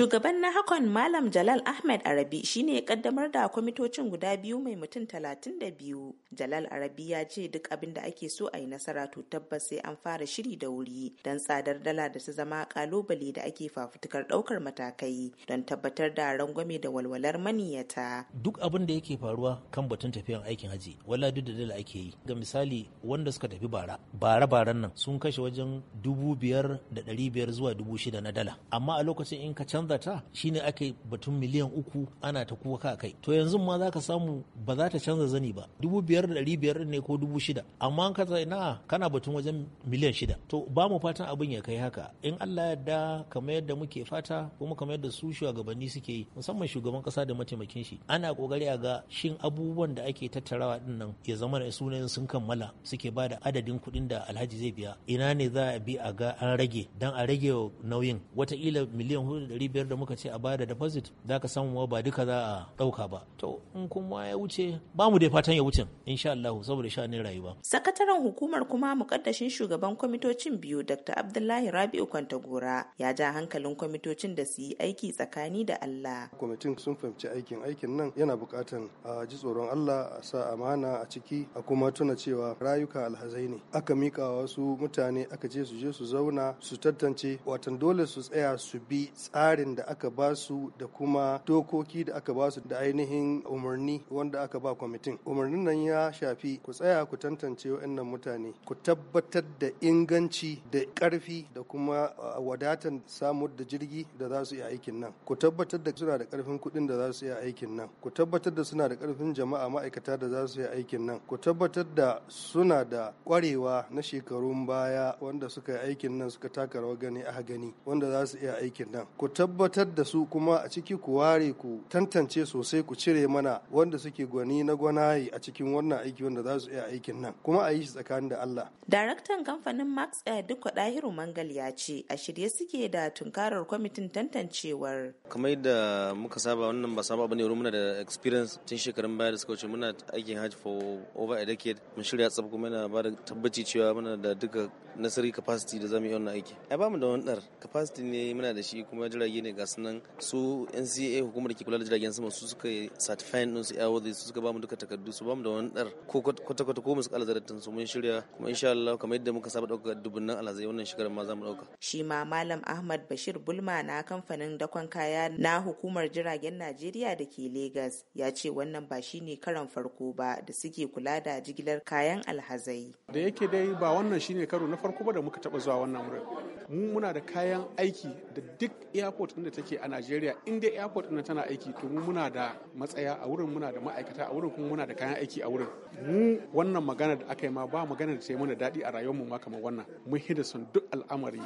Shugaban na hakon, Malam Jalal Ahmed Arabi shine ya kaddamar da kwamitocin guda biyu mai mutum talatin da biyu. Jalal Arabi ya ce duk abin da ake so a yi nasara to tabbas sai an fara shiri da wuri don tsadar dala da ta zama kalubale da ake fafutukar daukar matakai don tabbatar da rangwame da walwalar maniyata. Duk abin da yake faruwa kan batun tafiyan aikin hajji wala duk da dala ake yi. Ga misali wanda suka tafi bara bara baran nan sun kashe wajen dubu biyar da ɗari biyar zuwa dubu shida na dala amma a lokacin in ka canza canzata shine aka batun miliyan uku ana ta kuka kai to yanzu ma za ka samu ba za ta canza zani ba dubu biyar da ɗari biyar ne ko dubu shida amma an ka na kana batun wajen miliyan shida to ba mu fatan abin ya kai haka in Allah yarda kamar yadda muke fata kuma kamar yadda su shugabanni suke yi musamman shugaban kasa da mataimakin shi ana kokari a ga shin abubuwan da ake tattarawa din nan ya zama da sunayen sun kammala suke ba da adadin kuɗin da alhaji zai biya ina ne za a bi a ga an rage dan a rage nauyin wataƙila miliyan hudu da ɗari biyar biyar da muka ce a bada deposit za ka samu ba duka za a ɗauka ba to in kuma ya wuce ba mu dai fatan ya wuce insha Allah saboda sha'anin rayuwa sakataren hukumar kuma mukaddashin shugaban kwamitocin biyu Dr. Abdullahi Rabi'u Kwantagora ya ja hankalin kwamitocin da su yi aiki tsakani da Allah kwamitin sun fahimci aikin aikin nan yana buƙatan a ji tsoron Allah a sa amana a ciki a kuma tuna cewa rayuka alhazai ne aka mika wasu mutane aka ce su je su zauna su tantance watan dole su tsaya su bi tsari tsarin da aka ba su da kuma dokoki da aka ba su da ainihin umarni wanda aka ba kwamitin umarnin nan ya shafi ku tsaya ku tantance wa'annan mutane ku tabbatar da inganci da ƙarfi da kuma ah, wadatan samu da jirgi da za su iya aikin nan ku tabbatar da suna da ƙarfin kuɗin da za su iya aikin nan ku tabbatar da suna da ƙarfin jama'a ma'aikata da za su iya aikin nan ku tabbatar da suna da ƙwarewa na shekarun baya wanda suka yi aikin nan suka taka rawar gani a gani wanda za su iya aikin nan ku tabbatar tabbatar da su kuma a ciki ku ware ku tantance sosai ku cire mana wanda suke gwani na gwanaye a cikin wannan aiki wanda za su iya aikin nan kuma a yi shi tsakanin da Allah. Daraktan kamfanin Max Air Dukko Dahiru Mangal ya ce a shirye suke da tunkarar kwamitin tantancewar. Kamar yadda muka saba wannan ba saba bane muna da experience tun shekarun baya da suka wuce muna aikin hajji for over a decade mun shirya tsaf kuma yana ba da tabbaci cewa muna da duka nasari capacity da zamu yi wannan aiki. Ai ba mu da wannan capacity ne muna da shi kuma jirage ne ga sunan su NCA hukumar ke kula da jiragen sama su suka certify din su airworthy su suka bamu duka takardu su bamu da wani dar ko kwata kwata ko musu kala zaratin su mun shirya kuma insha Allah kamar yadda muka saba dauka dubunnan alazai wannan shekarar ma za mu dauka shi ma malam Ahmad Bashir Bulma na kamfanin dakon kaya na hukumar jiragen Najeriya da ke Lagos ya ce wannan ba shine karan farko ba da suke kula da jigilar kayan alhazai da yake dai ba wannan shine karo na farko ba da muka taba zuwa wannan wurin mu muna da kayan aiki da duk airport airport inda take a Najeriya in dai airport ɗin tana aiki to mu muna da matsaya a wurin muna da ma'aikata a wurin kuma muna da kayan aiki a wurin mu wannan magana da aka yi ma ba magana da ta yi mana daɗi a rayuwar mu ma kamar wannan mun hida son duk al'amari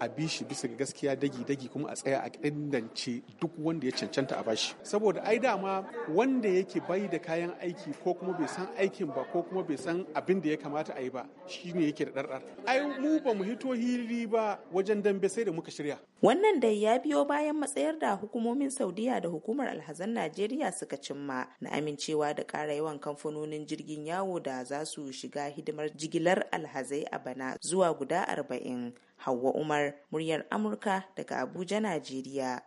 a bi shi bisa ga gaskiya dagi dagi kuma a tsaya a kindance duk wanda ya cancanta a bashi saboda ai dama wanda yake bai da kayan aiki ko kuma bai san aikin ba ko kuma bai san abin da ya kamata a yi ba shine yake da ɗarɗar ai mu ba mu hito hili ba wajen dambe sai da muka shirya Wannan dai ya biyo bayan matsayar da hukumomin Saudiya da hukumar alhazan Najeriya suka cimma na amincewa da ƙara yawan kamfanonin jirgin yawo da za su shiga hidimar jigilar alhazai a bana zuwa guda arba'in. Hauwa Umar, muryar Amurka daga Abuja, Najeriya.